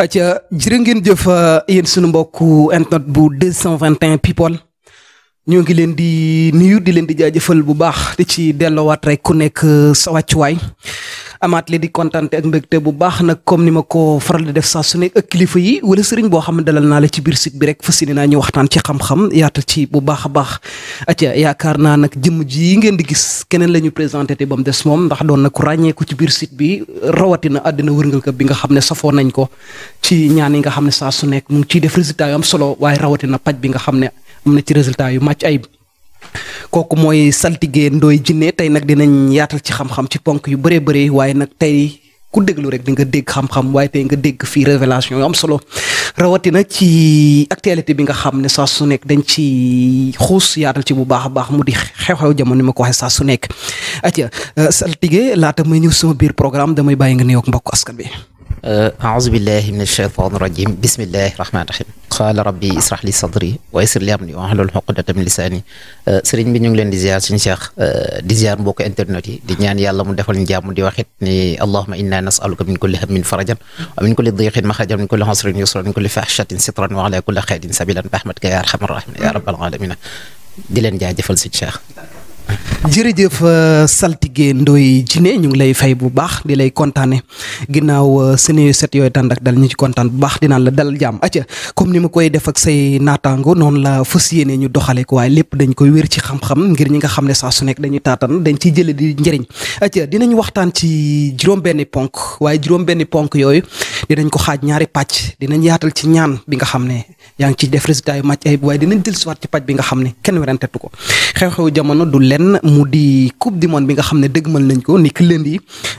aca jërë ngeen jëf euh, yéen sunu mbokku internet bu 221 people ñoo ngi leen di nuyu di leen di jaajëfal bu baax di ci delloowaat rek ku nekk euh, sa wàccuwaay amaat li di kontante ak mbégte bu baax nag comme ni ma ko faral di def saa su ak kilifa yi wala sëriñ boo xam ne dalal naa la ci biir site bi rek fas yéene naa ñu waxtaan ci xam-xam yaatal ci bu baax a baax. atia yaakaar naa nag jëmm ji ngeen di gis keneen la ñu présenté te ba mu des moom ndax doon na ko ràññeeku ci biir site bi rawatina àddina wërngal ka bi nga xam ne safoo nañ ko ci ñaan yi nga xam ne saa su nekk mu ngi ciy def résultat yu am solo waaye rawatina paj bi nga xam ne am na ci résultat yu màcc ayib kooku mooy saltige Ndoye Djiné tey nag dinañ yaatal ci xam-xam ci ponk yu bëree bëri waaye nag tey ku déglu rek di nga dégg xam-xam waaye tey nga dégg fii révélation yu am solo rawatina ci actualité bi nga xam ne saa su nekk dañ ci xuus yaatal ci bu baax a baax mu di xew-xew jamono ni ma ko waxee saa su nekk. atia saltige laata may ñëw sama biir programme damay bàyyi nga nuyoog mbokk aska bi. Uh, aousubillahi min alcheytan irajim bismillahi rahmanirahim qaala rabbi israh li sadri wa yassir li amri wahlul uqdatan min lisani uh, sëriñ bi ñu ngi leen di ziar suñu cheikh uh, di ziar mbokk internet yi di ñaan yàlla mu defal ñu jàmm di waxit ni allahuma inna nasaluka min kulli hammin farajan wa min kulli diqin maxrajan min kulli xasrin yusran min kulli fahshatin sitran wa ala kulli xeyrin sabilan bi rahmatika ya arhamar rahimin ya rabbal alamin di leen jaajëfal suñu cheikh jërëjëf euh, saltige Ndoye Djiné ñu ngi lay fay bu baax di lay kontaane ginnaaw euh, sene set yooyu tànd ak dal ñu ci kontaan bu baax dinaan la dal jàmm comme ni ma koy def ak say naataango noonu la fas yéene ñu doxale ko waaye lépp dañ koy wér ci xam-xam ngir nga xam ne saa su nekk dañuy taatan dañ ciy jële di njëriñ acca dinañ waxtaan ci juróom-benni ponk waaye juróom-benni ponk yooyu dinañ ko xaaj ñaari pàcc dinañ yaatal ci ñaan bi nga xam ne yaa ngi ciy def résultat yu waaye dinañ dellusiwaat ci pàcc bi nga xam ne kenn werantetu ko xew-xew jamono du lenn ren mu di coupe du monde bi nga xam ne dëgmal nañ ko ni ki lundi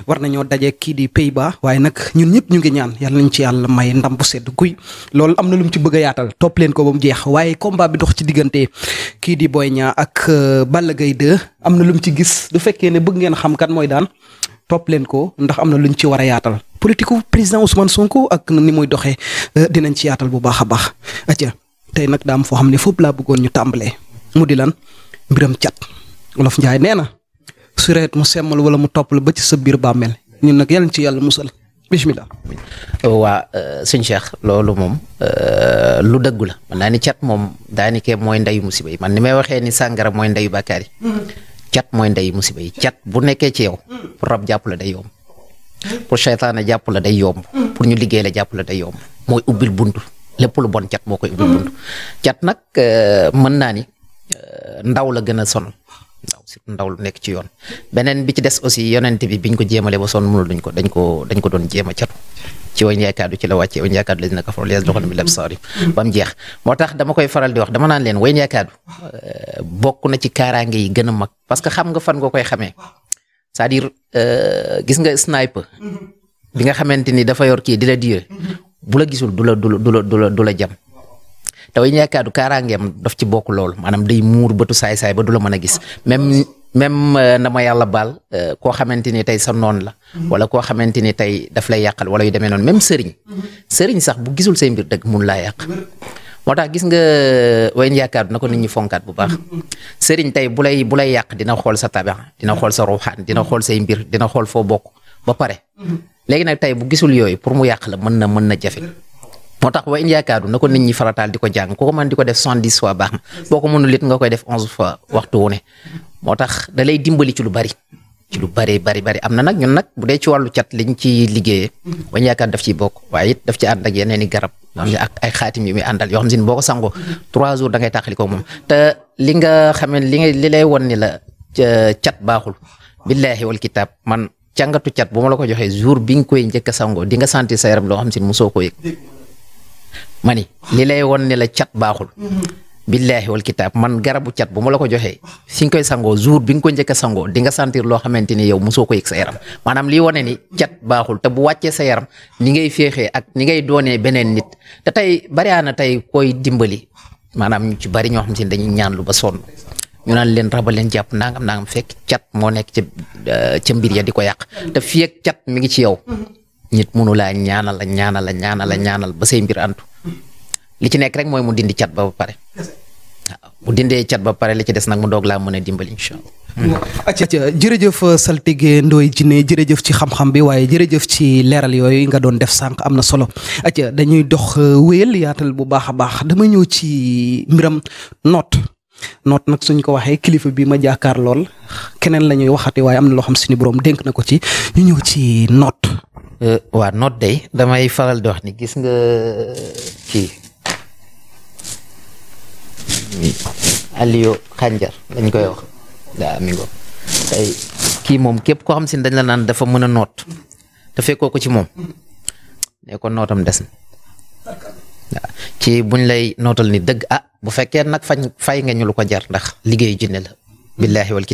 war nañoo daje kii di Pays-Bas waaye nag ñun ñëpp ñu ngi ñaan yàlla nañ ci yàlla may ndam bu sedd guy loolu am na lu mu ci bëgg a yaatal topp leen ko ba mu jeex waaye combat bi dox kii di Boy Niang ak euh, Balla Gaye 2 am na lu mu ci gis du fekkee ne bëgg ngeen xam mooy daan topp leen ko ndax am na luñ ci war a yaatal politique président Ousmane Sonko ak ni muy doxee euh, dinañ ci yaatal bu baax a baax. atya tey nag daam foo xam ne foofu laa bëggoon ñu tàmbalee mu di lan mbiram cat. olof Njaay nee na su mu semmal wala mu topp la ba ci sa biir bàmmeel ñun nag yàlla ci yàlla musal bismillah. waa euh, sëñ Cheikh loolu moom euh, lu dëggu la man naa ni cat moom daanike mooy ndeyu musiba yi man ni may waxee ni sàngara mooy ndeyu bàkkaar cat mooy ndeyu musiba yi cat bu nekkee ci yow. pour rab jàpp la day yomb. pour seytaane jàpp la day yomb. pour ñu liggéey la jàpp la mooy ubbil bunt lépp lu bon cat moo koy ubbil bunt. cat nag euh, mën naa ni ndaw la gën a sonal. surtout ndaw lu nekk ci yoon beneen bi ci des aussi yonent bi biñ ko jéemale ba sonn mënul duñ ko ko dañ ko doon jéem a catu ci wañ yaakaadu ci la wàcce wañ yaakaadu lañ naka farol yes doxon bi lab saari moo tax dama koy faral di wax dama naan leen wañ yaakaadu euh, bokk na ci kaaraange yi gën a mag parce que xam nga fan nga koy xamee c'est-à-dire euh, gis nga sniper mm-hmm. bi nga xamante ni dafa yor kii di la diire mm-hmm. bu la gisul du la du la du la du la jam taw yi yaakaaru kaaraangeem daf ci bokk loolu maanaam day muur bëtu saay-saay ba du la mën a gis même même euh, na ma yàlla baal euh, koo xamante ni tey sa noon la. wala koo xamante ni tey daf lay yàqal wala yu demee noonu même sëriñ. sëriñ sax bu gisul say mbir dëgg mun laa yàq. moo tax gis nga euh, wayn yaakaar na ko nit ñi fonkaat bu baax sëriñ tey bu lay bu lay yàq dina xool sa tabax dina xool sa ruuxaan dina xool say mbir dina xool foo bokk ba pare. Mm-hmm. léegi nag tey bu gisul yooyu pour mu yàq la mën na mën na jafe. moo tax wa in yaakaaru na ko nit ñi farataal di ko jàng ko mën di ko def soixante-dix fois baax boo ko mënul it nga koy def onze fois waxtu wu ne moo tax da lay dimbali ci lu bari lu bari bari bari am na nag ñun nag bu dee ci wàllu cat liñ ci liggéeyee wañ daf ciy bokk waaye it daf ci ànd ak yeneen i garab yoo xam ne ay xaatim yu muy àndal yoo xam ne boo ko sangoo trois jours da ngay tàqali ko moom te li nga xam li nga li lay won ni la cat baaxul billahi wal kitab man càngatu cat bu ma la ko joxee jour bi nga koy njëkk sangoo di nga sentir sa yaram loo xam ne musoo ko yëg ma ni li lay won ne la cat baaxul. billaahi wal kitaab man garabu cat bu ma la ko joxee fi nga koy sangoo jour bi nga ko njëkk a sangoo di nga sentir loo xamante ni yow mosoo ko yëg sa yaram maanaam lii wane ni cat baaxul te bu wàccee sa yaram ni ngay féexee ak ni ngay doonee beneen nit te tey na tey koy dimbali maanaam ñu ci bari ñoo xam si ne dañuy ñaan lu ba sonn ñu nan leen raba leen jàpp nangam nangam fekk cat moo nekk ca euh, ca mbir ya di ko yàq te fii ak cat mi ngi ci yow mm-hmm. nit mënu laa ñaanal ñaanal ñaanal ñaanal ba say mbir li ci nekk rek mooy mu dindi cat ba ba pare waaw dindee cat ba pare li ci des nag mu doog laa mën a dimbali incha allah acca jërëjëf euh, saltige Ndoye Djiné jërëjëf ci xam-xam bi waaye jërëjëf ci leeral yooyu nga doon def sànq am na solo acca dañuy dox euh, wéyal yaatal bu baax a baax dama ñëw ci mbiram noot noot nag suñ ko waxee kilifa bii ma jaakaar lool keneen lañuy ñuy waxati waaye am na loo xam ni borom dénk na ko ci ñu ñëw ci noot. Euh, waa noot day damay faral di wax ni gis nga kii Aliou Khanjar dañ koy wax daa mi ngo kii moom képp koo xam si ne dañ la naan dafa mën a noot te fekkoo ko ci moom ne kon nootam des na waaw buñ lay nootal ni dëgg ah bu fekkee nag fañ fay nga ñu lu ko jar ndax liggéeyu jinne la billaahi wal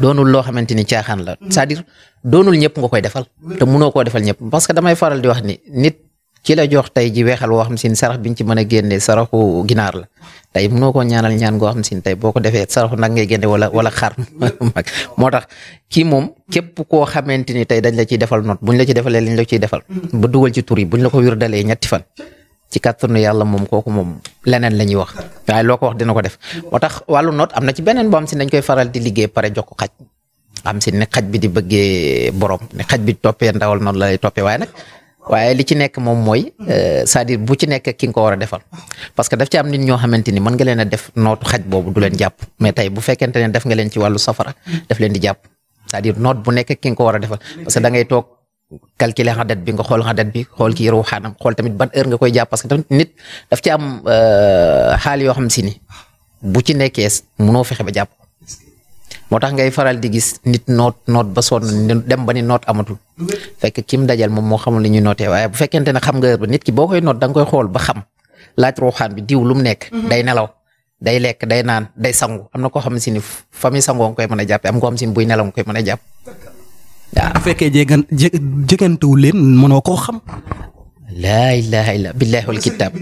doonul loo xamante ni caaxaan la cest à doonul ñëpp nga koy defal te mënoo koo defal ñëpp parce damay faral di wax ni nit ci la jox tey ji weexal woo xam sin sarax biñ ci mën a génne saraxu ginaar la tey mënoo ko ñaanal ñaan goo xam sin tey boo ko defee saraxu nag ngay génne wala wala xar mag moo tax kii moom képp koo xamante ni tey dañ la ciy defal noot buñ la ci defalee liñ la ciy defal ba dugal ci tur yi buñ la ko wir dalee ñetti fan ci kàttanu yàlla moom kooku moom leneen la ñuy wax waaye loo ko wax dina ko def moo tax wàllu noot am na ci beneen boo xam sin dañ koy faral di liggéey pare jox ko xaj am si ne xaj bi di bëggee borom ne xaj bi toppee ndawal noonu la toppee waaye nag waaye li ci nekk moom mooy euh, cest à bu ci nekk ki nga ko war a defal parce que daf ci am nit ñoo xamante ni mën nga leen a def nootu xaj boobu du leen jàpp mais tey bu fekkente ne def nga leen ci wàllu safara daf leen di jàpp c'est-à-dire noot bu nekk ki nga ko war a defal parce que da ngay toog calculer xadat bi nga xool xadat bi xool ki yëru xaanam xool tamit ban heure nga koy jàpp parce que tamit nit daf ci am euh, xaal yoo xam si ni bu ci nekkee munoo fexe ba jàpp moo tax ngay faral di gis nit noot noot ba sonn dem ba ni noot amatul fekk kim dajal moom moo xamul li ñuy nootee waaye bu fekkente ne xam nga nit ki boo koy noot da nga koy xool ba xam laaj ruuxaan bi diw lu mu nekk. Mhm. day nelaw day lekk day naan day sangu am na koo xam si famille sangoo koy mën a jàppee am koo xam si buy nelaw nga koy mën a jàpp waaw. bu fekkee jege jege xam. laa ilaha illa billahi wal kitab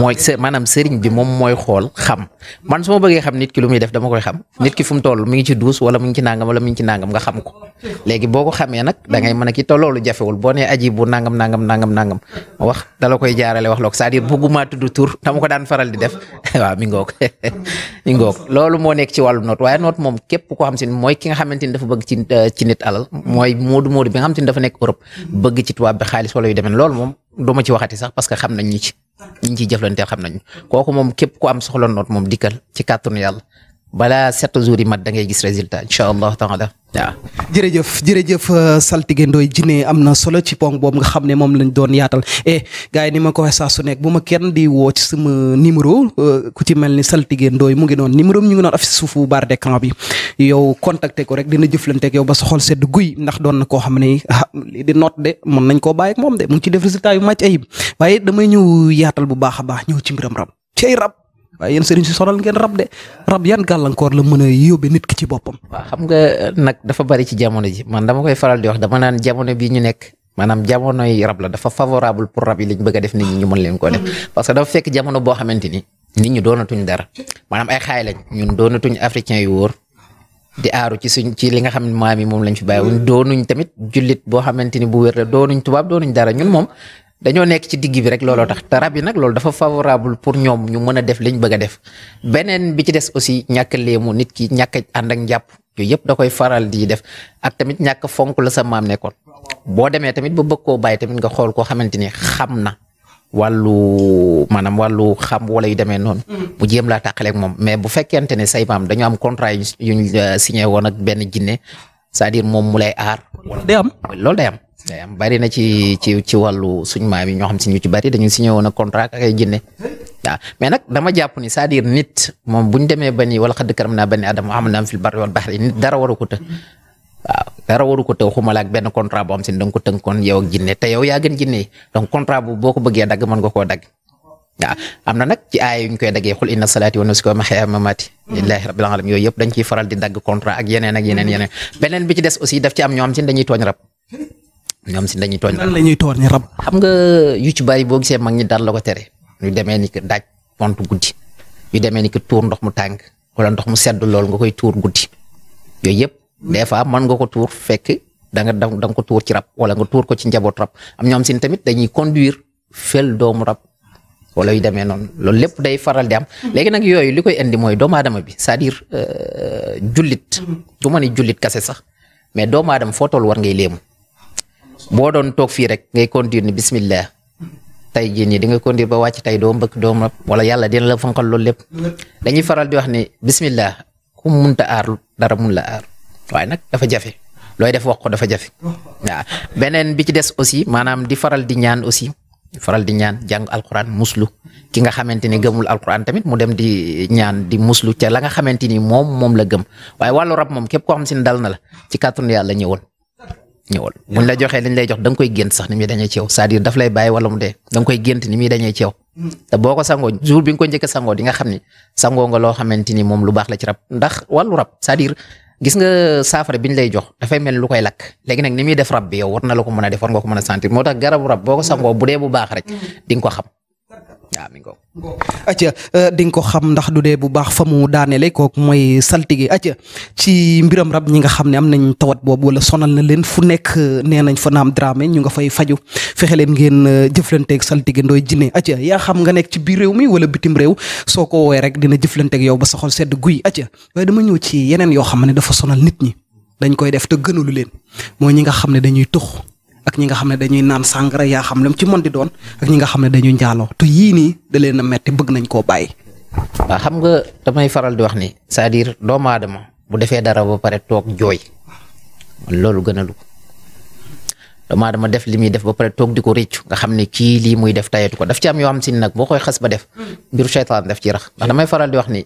mooy së maanaam sëriñ bi moom mooy xool xam man su ma bëggee xam nit ki lu muy def dama koy xam nit ki fu mu toll mi ngi ci duus wala mi ngi ci nangam wala mi ngi ci nangam nga xam ko léegi boo ko xamee nag da mën ki toll loolu jafewul boo nee aji bu nangam nangam nangam nangam wax dala koy jaarale wax loog c'est-à-dire bëgguma tudd tur dama ko daan faral di def waaw mi ngook mi ngoog loolu moo nekk ci wàllu noot waaye noot moom képp koo xam si ne mooy ki nga xamante ni dafa bëgg ci euh, ci nit alal mooy moodu moodu bi nga xam si ne dafa nekk Europe bëgg ci tubaab bi xaalis wala loolu du ma ci waxati sax parce que xam na ñi ci ñi ciy jëflanteel xam nañ kooku moom képp ku am soxla noot moom dikkal ci kàttanu yàlla bala sept jours yi mat da ngay gis résultat incha allahu taala waaw jërëjëf jërëjëf euh, saltige Ndoye Diné am na solo ci ponk boobu nga xam ne moom lañ doon yaatal eh gars ni ma ko waxee su nekk bu ma kenn di woo ci sama numéro euh, ku ci mel ni saltige Ndoye mu ngi noonu numéro ñu ngi noonu af si suufu barre d'écran bi yow contacter ko rek dina jëflanteeg yow ba sa sedd guy ndax doon na koo xam ne ah, li di note de mën nañ koo bàyyi moom de mu ngi ci def résultat yu maj ayib waaye damay ñëw yaatal bu baax a baax ñëw ci mbiram rab ci waaye yéen sëriñ si ngeen rab de rab yan gàllankoor la mën a yóbbe nit ki ci boppam. waa xam nga nag dafa bari ci jamono ji man dama koy faral di wax dama naan jamono bii ñu nekk maanaam jamonoy rab la dafa favorable pour rab yi liñ bëgg a def nit ñi ñu mën leen koo def hmm. parce que dafa fekk jamono boo xamante ni nit ñi doonatuñ dara maanaam ay xaay lañ ñun doonatuñ africain yu wóor. di aaru ci suñ ci li nga xam ne maam yi moom lañ fi bàyyi woon hmm. doonuñ tamit jullit boo xamante ni bu wér la doonuñ tubaab doonuñ dara ñun moom dañoo nekk ci digg bi rek looloo tax te rab yi nag loolu dafa favorable pour ñoom ñu mën a def liñ bëgg a def beneen bi ci des aussi ñàkk léemu nit ki ñàkk ànd ak njàpp yooyu yëpp da koy faral di def ak tamit ñàkk fonk la sa maam nekkoon boo demee tamit ba bëgg koo bàyyi tamit nga xool koo xamante ni xam na wàllu maanaam wàllu xam wala yu demee noonu. bu mm-hmm. jéem laa tàqaleeg moom mais bu fekkente ne say maam dañoo am contrat yu ñu euh, signé woon benn jinne cest à moom mu lay aar. day am loolu day am. bari na ci ci ci wàllu suñ maam yi ñoo xam si ñu ci bari dañu signé woon ak contrat ak ay jinne waaw mais nag dama jàpp ni cest à nit moom bu ñu demee ba ni xadd karam naa ba ni wa hamalnaahum fil barri wal bahri nit dara waru ko të waaw dara waru ko benn contrat boo xam si ne da nga ko tënkoon yow ak jinne te yow yaa boo ko bëggee dagg mën nga koo dagg am na nag ci aaya yu ñu koy daggee xul inna salaati wa nusuki wa mahyaaya wa mamaati lillahi rabbil alamin yooyu yëpp dañ ciy faral di dagg contrat ak yeneen ak yeneen yeneen beneen bi ci des aussi daf ci am ñoo xam si ne dañuy rab ñoom si dañuy tooñ. lan la ñuy tooñ rab. xam nga yu ci bari boo gisee mag ñi dal la ko tere yu demee ni que daaj pont guddi yu demee ni que tuur ndox mu tàng wala ndox mu sedd lool nga koy tuur guddi yooyu yëpp des fois mën nga ko tuur fekk da nga da nga ko tuur ci rab wala nga tuur ko ci njaboot rab am ñoom sin tamit dañuy conduire feel doomu rab wala yu demee noonu loolu lépp day faral di am léegi nag yooyu li koy indi mooy doomu aadama bi c'est-à-dire euh, jullit mm-hmm. du ma jullit kase sax mais doomu aadama foo war ngay léemu boo doon toog fii rek ngay conduire ni bismillah tey jii nii di nga conduire ba wàcc tey doom mbëkk doo rab wala yàlla dina la fanqal loolu lépp dañuy faral di wax ni bismillah ku munta aar dara mun la aar waaye nag dafa jafe looy def wax ko dafa jafe waaw beneen bi ci des aussi maanaam di faral di ñaan aussi faral di ñaan jàng alquran muslu ki nga xamante ni gëmul alquran tamit mu dem di ñaan di muslu ca la nga xamante ni moom moom la gëm waay wàllu rab moom képp koo si ne dal na la ci kàttanu yàlla ñëwoon ñëwal buñ la joxee liñ lay jox da nga koy gént sax ni muy dañee ci yow daf lay bàyyi wala mu dee da nga koy gént ni muy dañee ci yow te boo ko sangoo jour bi nga ko njëkk a sangoo di nga xam ni sangoo nga loo xamante ni lu baax la ci rab ndax wàllu rab c'est-à-dire gis nga saafara biñ lay jox dafay mel lu koy lakk léegi nag ni muy def rab bi yow war na la ko mën a def war nga ko mën a sentir moo tax garabu rab boo ko sangoo bu dee bu baax rek di nga ko xam waaw mi ngoog acca euh, di nga ko xam ndax du dee bu baax fa mu daaneele kook mooy saltige acca ci mbiram rab ñi nga xam ne am nañ tawat boobu wala sonal na leen fu nekk euh, nee nañ fa naam dramé ñu nga fay faju fexe leen ngeen euh, jëflanteeg saltige ndooy jinne acca yaa xam nga nekk ci biir réew mi wala bitim réew soo ko woowee rek dina jëflanteeg yow ba sa sedd guy acca waaye dama ñëw ci yeneen yoo xam ne dafa sonal nit ñi dañ koy def te gënalu leen mooy ñi nga xam ne dañuy tux ak ñi nga xam ne dañuy naan sàngara yaa xam lam ci mën di doon ak ñi nga xam ne dañuy njaaloo te yii nii da leen a metti bëgg nañ koo bàyyi. waaw xam nga damay faral di wax ni cest à doomu aadama bu defee dara ba pare toog jooy loolu gën a lu ko def li muy def ba pare toog di ko réccu nga xam ne kii lii muy def tayetu ko daf ci am yoo xam si nag boo koy xas ba def mbiru seytaane daf ci rax ndax damay faral di wax ni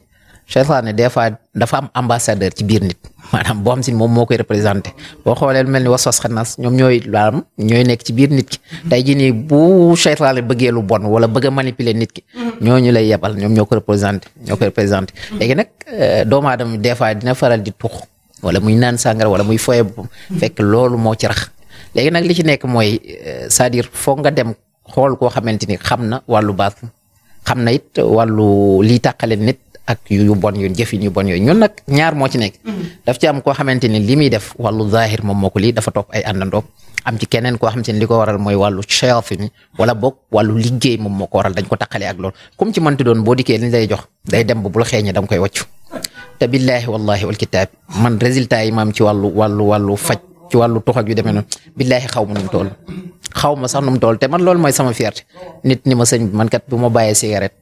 seytaane des fois dafa am ambassadeur ci biir nit. maanaam boo xam si moom moo koy représenté boo xooleel mel ni waswas xanaas ñoom ñooy laam ñooy nekk ci biir nit ki mm-hmm. tey jii nii bu seytaane bëggee lu bon wala bëgg a manipuler nit ki mm-hmm. ñooñu lay yebal ñoom ñoo ko représenté ñoo ko mm-hmm. représenté léegi nag euh, doomu aadama des fois dina faral di tux wala muy naan sangar wala muy foye boppam fekk loolu moo ci rax léegi nag li ci nekk mooy euh, c'est-à-dire foog nga dem xool koo xamante ni xam na wàllu baat xam na it wàllu lii tàqale nit ak yu bon yoon jëfin yu bon yooyu ñun nag ñaar moo ci nekk mm-hmm. daf am koo xamante ni li muy def wàllu zahir moom moo ko lii dafa topp ay àndandoom am ci keneen koo xamante ni li ko waral mooy wàllu chayatini wala boog wàllu liggéey moom moo ko waral dañ ko taqalee ak lool comme ci mënti doon boo dikkee liñ lay jox day dem ba bul xeeñe da nga koy wàccu te billaahi wallahi wal kitaab man résultat yi maam ci wàllu wàllu wàllu faj ci wàllu toxak yu demee noonu billaahi xaw ma nu mu xaw ma sax nu mu toll te man loolu mooy sama fierté nit ni ma sëñ bi man kat bu ma bàyyee cigarette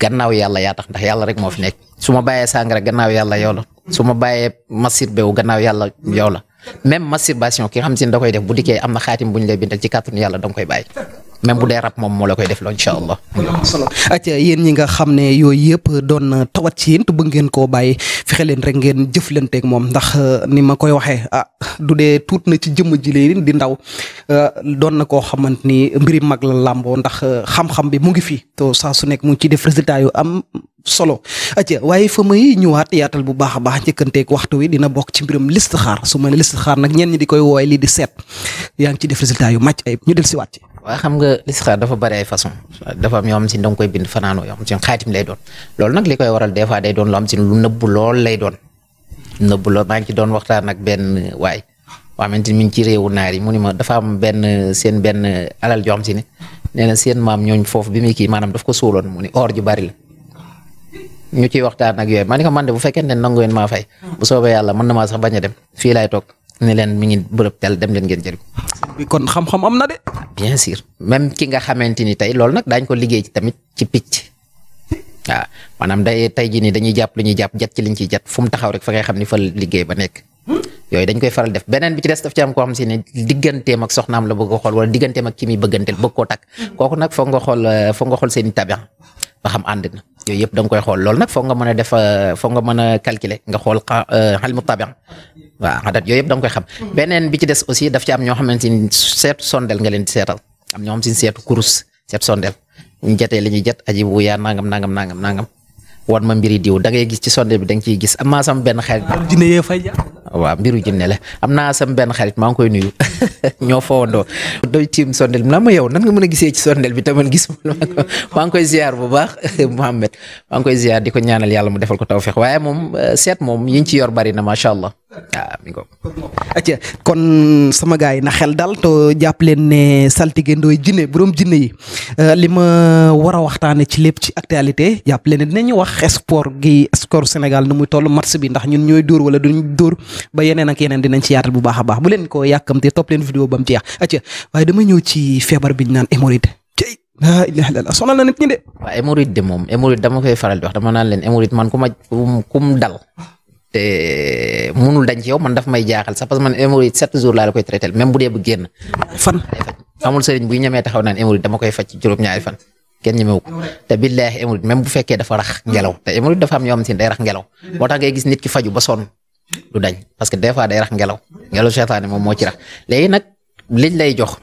gannaaw yàlla yaa tax ndax yàlla rek moo fi nekk su ma bàyyee sàngara gannaaw yàlla yow la su ma bàyyee masit bewu gannaaw yàlla yow la même masturbation ki xam si ne da koy def bu dikkee am na xaatim bu ñu lay bindal ci kàttanu yàlla da koy bàyyi. même bu dee rab moom moo la koy def loo incha allah. solo acca yéen ñi nga xam ne yooyu yëpp doon na tawat ci yéen te ngeen koo bàyyi fexe leen rek ngeen jëflanteeg moom ndax euh, ni ma koy waxee ah du dee tuut na ci jëmm ji leen di ndaw euh, doon na ko xamante ni mbiri mag la làmboo ndax euh, xam-xam bi mu ngi fi. to saa su nekk mu ngi def résultat am solo atia waaye fa may ñëwaat yaatal bu baax a baax njëkkanteeg waxtu wi dina bokk ci mbiram listixaar su ma ne xaar nag ñenn ñi di koy wooye lii di seet yaa ngi ci def résultat yu màcc ayib ñu del si waat ci waaw xam nga listixaar dafa bëri ay façon dafa am yoo xam si da nga koy bind fanaanoo yoo xam lay doon loolu nag li koy waral des fois day doon loo xam si lu nëbbu lool lay doon nëbbu lool maa ngi ci doon waxtaan nag benn waay waa xamante ni mi ngi ci réewu naar yi mu ni ma dafa am benn seen benn alal joo xam si ne nee na seen maam ñooñ foofu bi muy kii maanaam daf mu ni or ju bari ñu ciy waxtaan ak yooyu ma ni ko man de bu fekkee ne nangu ngeen maa fay bu soobee yàlla mën na maa sax bañ a dem fii laay toog ni leen mi ngi bërëb tel dem leen ngeen jël bi kon xam-xam am na de. bien sûr même ki nga xamante ni tey loolu nag daañ ko liggéey tamit ci picc waaw maanaam day tey jii nii dañuy jàpp lu ñuy jàpp jat ci liñ ciy jat fu mu taxaw rek fa ngay xam ni fa liggéey ba nekk yooyu dañ koy faral def beneen bi ci des daf ci am koo xam si ne digganteem ak soxnaam la bëgg a xool wala digganteem ak ki muy bëgganteel bëgg koo takk kooku nag foog nga xool foog nga xool seen i tabax ba xam ànd na yooyu yëpp da nga koy xool loolu nag foog nga mën a euh, foog nga mën a calculer nga xool euh, xal mu tabian waaw adat yëpp da koy xam beneen bi ci des aussi daf ci am ñoo xamante seet seetu sondel nga leen di seetal am ñoo xam si seetu kurus seetu sondel ñu jotee li ñuy jot aji bu yaa nangam nangam nangam nangam wan ma mbiri diw da ngay gis ci sondel bi da nga ciy gis am sama benn xarit. waaw mbiru jinne la am naa sam benn xarit maa ngi koy nuyu ñoo fowandoo doy tiim sondel bi na ma yow nan nga mën a gisee ci sondel bi taman gis maa ngi koy ziar bu baax Mouhamed maa ngi koy ziar di ko ñaanal yàlla mu defal ko tawfeex waaye moom euh, seet moom yiñ ci yor bari na macha allah waaw ah, mi ngoog acca kon sama gars yi na xel daal te jàpp leen ne saltige ndooy jinne borom jinne yi euh, li ma war a waxtaane ci lépp ci actualité jàpp leen ne dinañu wax sport gi sport Sénégal nu muy toll match bi ndax ñun ñooy dóor wala duñ dóor ba yeneen ak yeneen dinañ ci yaatal bu baax a baax bu leen ko yàkkamte top leen vidéo ba mu jeex acca waaye dama ñëw ci feebar bi ñu naan hémorroïde cey laa ilaha illallah sonal na nit ñi de waaw hémorroïde de moom hémorroïde dama koy faral di wax dama naan leen hémorroïde man ku ma kum dal te munul dañ ci yow man daf may jaaxal sax parce que man hémorroïde sept jours laa la koy traité même bu dee bu génn. fan amul sëriñ buy ñemee taxaw naan hémorroïde dama koy faj ci juróom-ñaari fan kenn ñemewu ko te billaahi hémorroïde même bu fekkee dafa rax ngelaw te hémorroïde am ñoo si day rax ngelaw moo tax ngay gis nit ki faju ba sonn du dañ parce que des fois day rax ngelaw ngelaw seetaane moom moo ci rax léegi nag liñ lay jox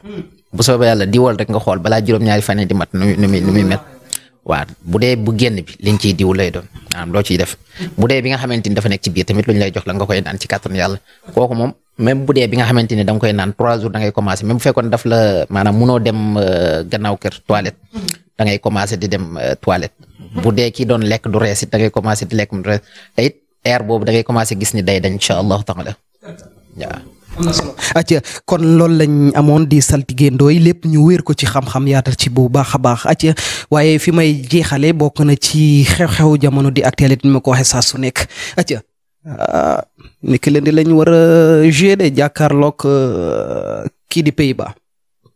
bu soobee yàlla diwal rek nga xool balaa juróom-ñaari fan yi di mat nu muy nu muy mel. waaw bu dee bu génn bi liñ ciy diw loo ciy def bu bi nga xamante ni dafa nekk ci biir tamit luñ lay jox la nga koy naan ci kàttan yàlla kooku moom même bu dee bi nga xamante ni da nga koy trois jours da ngay commencé même dem euh, gannaaw kër toilette da di dem euh, toilette bu dee kii doon lekk du rees it da ngay commencé di lekk mu rees te air boobu da ngay commencé gis ni day dañ incha allahu taala waaw am na acca kon loolu lañ amoon di saltige Ndoye lépp ñu wéer ko ci xam-xam yaatal ci bu baax a baax acca waaye fi may jeexale bokk na ci xew-xew jamono di actualité ni ma ko waxee saa su nekk acca ah, ni ki leen di war a joué de jàkkaarloog ah, kii di pays ba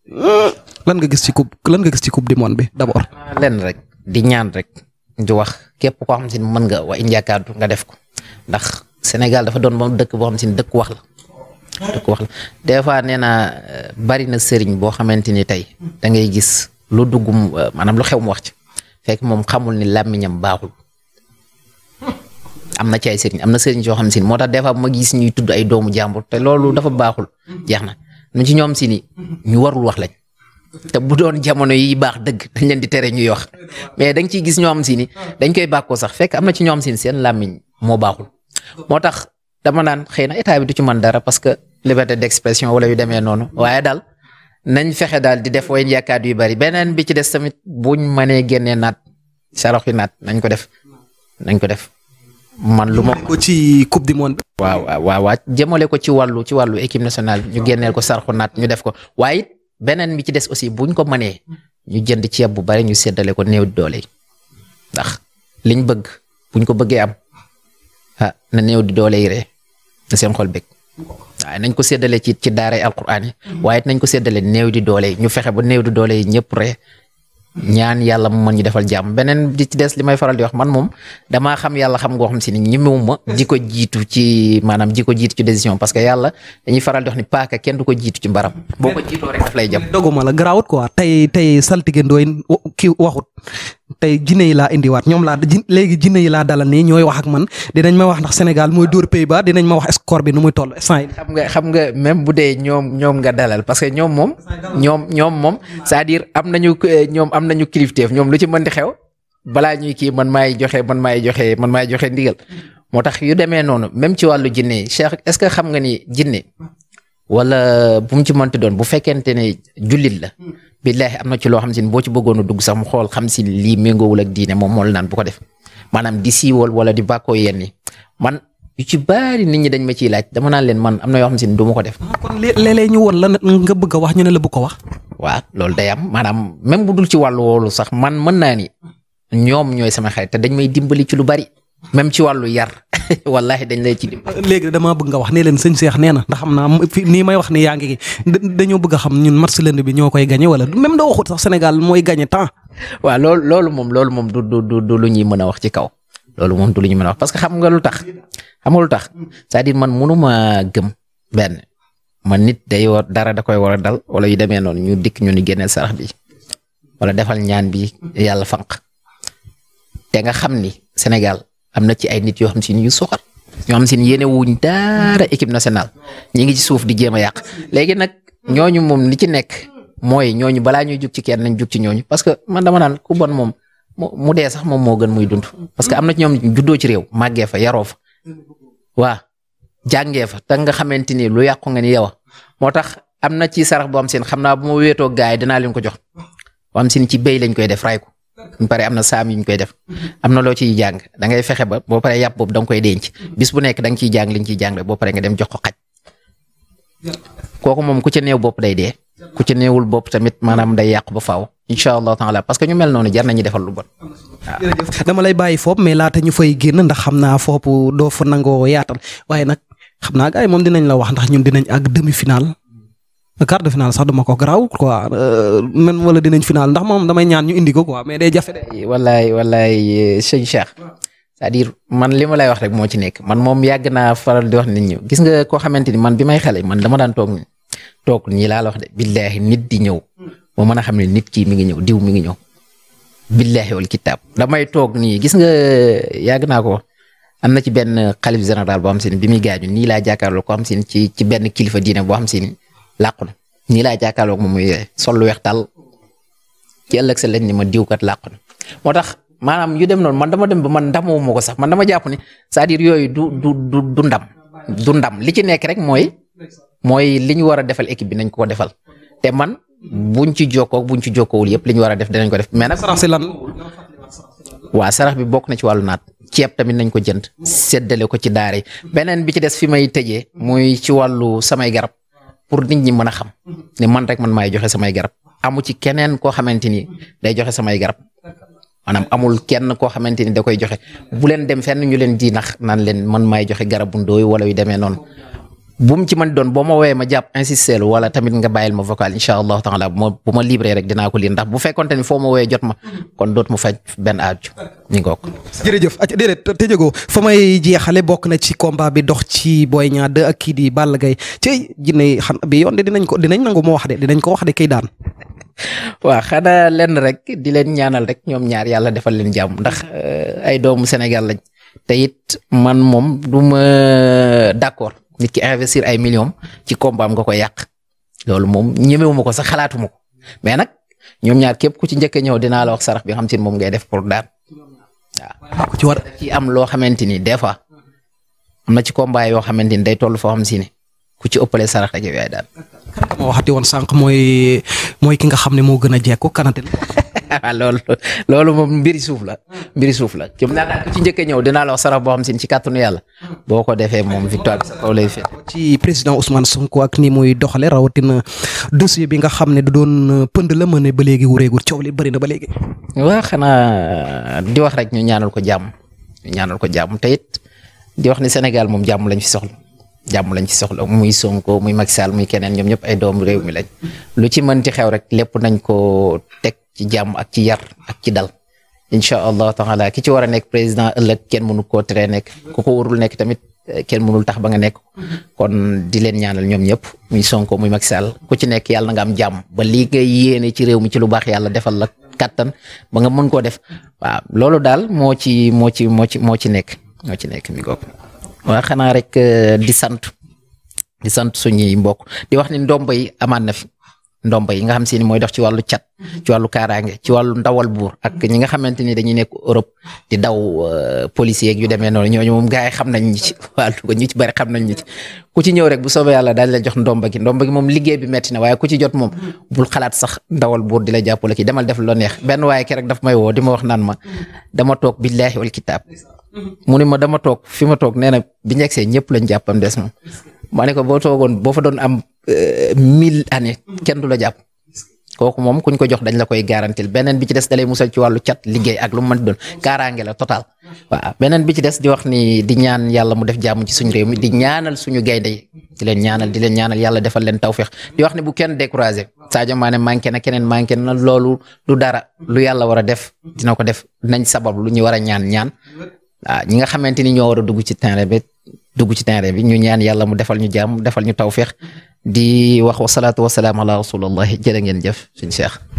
hmm, lan nga gis ci coupe lan nga gis ci coupe du monde bi d'abord. Ah, lenn rek di ñaan rek di wax képp koo xam si ne mën nga wa indi yaakaar nga def ko ndax Sénégal dafa doon ba dëkk boo xam si ne dëkk wax la. te ko des fois nee naa euh, bari na sëriñ boo xamante ni tey da ngay gis lu dugg euh, maanaam lu xew mu wax ci fekk moom xamul ni làmmiñam baaxul am na ci ay sëriñ am na sëriñ yoo xam si moo tax des fois bu ma gis ñuy tudd ay doomu jàmbur te loolu dafa baaxul jeex na ñu ci ñoom si ni ñu warul wax lañ te bu doon jamono yi baax dëgg dañ leen di tere ñuy wax mais dañ ciy gis ñoo xam si ni dañ koy bàkkoo sax fekk am na ci ñoom xam seen làmmiñ moo baaxul moo tax dama naan xëy na état bi du ci man dara parce que liberté d'expression wala yu demee noonu waaye daal nañ fexe daal di def way yaakaar yu bari beneen bi ci des tamit buñ mënee génnee naat sarax yi naat nañ ko def nañ ko def man lu ma ko ci coupe du monde. waaw waaw waaw jëmale ko ci wàllu ci wàllu équipe nationale ñu génneel ko sarxu naat ñu def ko waaye beneen bi ci des aussi buñ ko manee ñu jënd ceeb bu bari ñu séddale ko néew doole yi ndax liñ bëgg buñ ko bëggee am ah, na néew di doole te seen xol bëgg waaye nañ ko séddale ci ci daaray alquraan yi waaye it nañ ko séddale néew di doole ñu fexe ba néew di doole yi ñëpp ñaan yàlla mu ñu defal jàmm beneen ci des li may faral di wax man moom damaa xam yàlla xam ngoo xam si ni ñemewuma di ko jiitu ci maanaam di ko jiitu ci décision parce que yàlla dañuy faral di wax ni paaka kenn ko jiitu ci mbaram boo ko jiitoo rek daf lay jam doguma la garaawut quoi tey tey saltige ndooy kii waxut tey jinne yi laa indiwaat ñoom laa léegi jinne yi laa dalal nii ñooy wax ak man dinañ ma wax ndax Sénégal mooy dóor Pays-Bas dinañ ma wax score bi nu muy toll sant yi. xam nga xam nga même bu dee ñoom ñoom nga dalal parce que ñoom moom. ñoom ñoom moom cest à am nañu euh, ñoom am nañu kilifteef ñoom lu ci mën di xew balaa ñuy kii man maay joxe man maay joxe man maay joxe ndigal moo tax yu demee noonu même ci wàllu jinne yi Cheikh est-ce que xam nga ni jinne wala bu mu ci mënti doon bu fekkente ne jullit la billaahi am na ci loo xam si ne boo ci bëggoon a dugg sax mu xool xam si lii méngoowul ak diine moom moo la naan bu ko def maanaam di siiwal wala di bàkkoo yenn yi man yu ci baari nit ñi dañ ma ciy laaj dama naan leen man am na yoo xam si ne du ma ko def. Ah, kon léeg-léeg ñu woon nga bëgg a wax ñu ne la bu ko wax. waaw loolu day am maanaam même bu ci wàllu woolu sax man man naa ni ñoom ñooy sama xarit te dañ may dimbali ci lu bari même ci wàllu yar wallahi dañ lay ci dimbali. léegi damaa bëgg nga wax ne leen sëñ Cheikh nee na ndax xam naa nii may wax ni yaa ngi dañoo bëgg xam ñun match lënd bi ñoo koy gagné wala même doo waxut sax Sénégal mooy gagné temps. waaw loolu loolu moom loolu moom du du lu ñuy mën a wax ci kaw loolu moom du lu ñuy mën a wax que nga lu tax xam tax c'est-à-dire man mënuma gëm benn man nit day war dara da koy war a dal wala yu demee noonu ñu dikk ñu ni génneel sarax bi wala defal ñaan bi yàlla fànq te nga xam ni Sénégal am na ci ay nit yoo xam si ni yu soxor ñoo xam si ni yéene wuñ dara équipe nationale ñi ngi ci suuf di jéem a yàq léegi nag ñooñu moom li ci nekk mooy ñooñu balaa ñuy jug ci kenn nañ jug ci ñooñu parce que man dama naan ku bon moom mu dee sax moom moo gën muy dund parce que am na ci ñoom juddoo ci réew màggee fa yaroo fa waa jàngee fa te nga xamante ni lu yàqu nga ni yow moo tax am na ci sarax bu am seen xam naa bu ma wéetoo gaay dinaa leen ko jox bu am seen ci béy lañ koy def ray ba pare am na saam yu ñu koy def am na loo ciy jàng da ngay fexe ba boo paree yàpp boob da nga koy denc bis bu nekk da ci ciy jàng li ñu ciy jàng rek boo paree kooku moom ku ci néew bopp day dee ku ci néewul bopp tamit maanaam day yàqu ba faaw incha allah taala parce que ñu mel noonu jar nañu defal lu bon waaw. dama lay bàyyi foofu mais laata ñu fay génn ndax xam naa foofu doo fa nangoo yaatal waaye nag xam naa ay moom dinañ la wax ndax ñun dinañ ak demi final quart de finale sax duma ko garaawul quoi euh, même wala dinañ final ndax moom damay ñaan ñu indi ko quoi mais day jafe de. wallaay wallaay sëñ Cheikh cest à man li ma lay wax rek moo ci nekk man moom yàgg naa faral di wax nit ñi gis nga koo xamante ni man bi may xale man dama daan toog nii toog nii laa la wax de billaahi nit di ñëw moo mën a xam ne nit kii mi ngi ñëw diw mi ngi ñëw billaahi wal kitaab damay toog nii gis nga yàgg naa ko am na ci benn xalif général boo xam si ne bi mu gaañu nii laa jàkkaarloo ko xam si ne ci ci benn kilifa diine boo xam si ne làqu na nii laa jàkkaarloog moom muy yooyu sol lu weex tàll ci ëllëg sa lañ ni ma diwkat làqu na moo tax maanaam yu dem noonu man dama dem ba man ndamoo ma ko sax man dama jàpp ni cest yooyu du du du du ndam du ndam li ci nekk rek mooy mooy li ñu war a defal équipe bi nañ ko defal te man buñ ci jokkoo buñ ci jokkoowul yëpp li ñu war a def danañ ko def mais nag. sarax si lan. waa sarax bi bokk na ci wàllu naat ceeb tamit nañ ko jënd. seddale ko ci daari beneen bi ci des fi may tëjee muy ci wàllu samay garab. pour nit ñi mën a xam ne man rek man maay joxe samay garab amu ci keneen koo xamante ni day joxe samay garab maanaam amul kenn koo xamante ni da koy joxe bu leen dem fenn ñu leen di nan leen man maay joxe garabu ndooy wala yu demee noonu bu mu ci mën doon boo ma woowee ma jàpp insisté lu wala tamit nga bàyyil ma vocal incha allahu taala bu ma ma libre rek dinaa ko lire ndax bu fekkonte ni foo ma woowee jot ma kon doot mu faj benn aaju ñu ngoog. jërëjëf at déedéet tëjëgoo fa may jeexale bokk na ci combat bi dox ci Boy Niang ak kii di Balla Gaye ci jinne xam bi yoon de dinañ ko dinañ nangu moo wax de dinañ ko wax de kay daan. waaw xanaa len rek di leen ñaanal rek ñoom ñaar yàlla defal leen jàmm ndax eh, ay doomu Sénégal lañ te it man moom du ma d'accord nit ki investir ay millions ci combat am nga koy yàq loolu moom ñemewu ma ko sax xalaatu ma ko mais nag ñoom ñaar képp ku ci njëkk a ñëw dinaa la wax sarax bi xam si moom ngay def pour daal waaw ku ci war ci am loo xamante ni des fois am na ci combat yoo xamante ni day toll foo xam si ne ku ci ëppalee sarax rek yow yaay daal. kan ma waxati woon sànq mooy mooy ki nga xam ne moo gën a jekku kanate waaw ah, loolu loolu moom mbiri suuf la mbiri suuf la kim naa daal ku ci njëkk a ñëw dinaa la wax sarax boo xam sin ci kàttanu yàlla boo ko defee moom victoire bi sa kaw lay fekk ci président Ousmane ak ni muy doxale rawatina dossier bi nga xam ne du doon pënd la mën ne ba léegi wuréegul coow li bëri ba léegi waa xanaa di wax rek ñu ñaanal ko jàmm ñu ñaanal ko jàmm te it di wax ni Sénégal moom jàmm lañ fi soxla jàmm lañ ci soxla muy Sonko muy Macky Sall muy keneen ñoom ñëpp ay doomu réew mi lañ lu ci mën ci xew rek lépp nañ ko teg ci jàmm ak ci yar ak ci dal incha allah taala ki ci war a nekk président ëllëg kenn mënu koo teree nekk ku ko warul nekk tamit eh, kenn mënul tax ba nga nekk kon di leen ñaanal ñoom ñëpp muy Sonko muy Macky Sall ku ci nekk yàlla na nga am jàmm ba lii yéene ci réew mi ci lu baax yàlla defal la kattan ba nga mën koo def waaw loolu daal moo ci moo ci moo ci moo ci nekk moo ci nekk mi waa xanaa rek euh, di sant di sant suñuy mbokk di wax ni ndombo yi amaat na fi ndombo yi nga xam si ni mooy dox ci wàllu cat ci wàllu kaaraange ci wàllu ndawal buur ak ñi nga xamante ni dañuy nekk Europe di daw euh, policier yu demee noonu ñooñu moom gars yi xam nañ ñu ci wàllu ko ñu ci bari xam na ñu ci ku ci ñëw rek bu soobee yàlla daal la jox ndomba gi ndomba moom liggéey bi metti na waaye ku ci jot moom bul xalaat sax ndawal buur di la jàppale ki demal def lu neex benn waaye ke rek daf may woo di ma wax naan ma dama toog billahi wal kitaab mu ne ma dama toog fi ma toog nee na bi ñu egsee ñëpp lañ jàppam des ma ma ne ko boo toogoon boo fa doon am euh, mille années kenn du la jàpp kooku moom kuñ ko jox dañ la koy garantil beneen bi ci des dalay musal ci wàllu cat liggéey ak lu mu mën di doon kaaraange la total waaw beneen bi ci des di wax ni di ñaan yàlla mu def jàmm ci suñu réew mi di ñaanal suñu gaynde yi di leen ñaanal di leen ñaanal yàlla defal leen tawféex di wax ni bu kenn découragé Sadio Mané manqué na keneen manqué na loolu du dara lu yàlla war a def dina ko def nañ sabab lu ñu war a ñaan ñaan waaw ah, ñi nga xamante ni ñoo war a dugg ci terrain bi dugg ci terrain bi ñu ñaan yàlla mu defal ñu jàmm defal ñu tawféex di wax wasalaatu wasalaam ala rasulillahi jërë ngeen jëf suñu Cheikh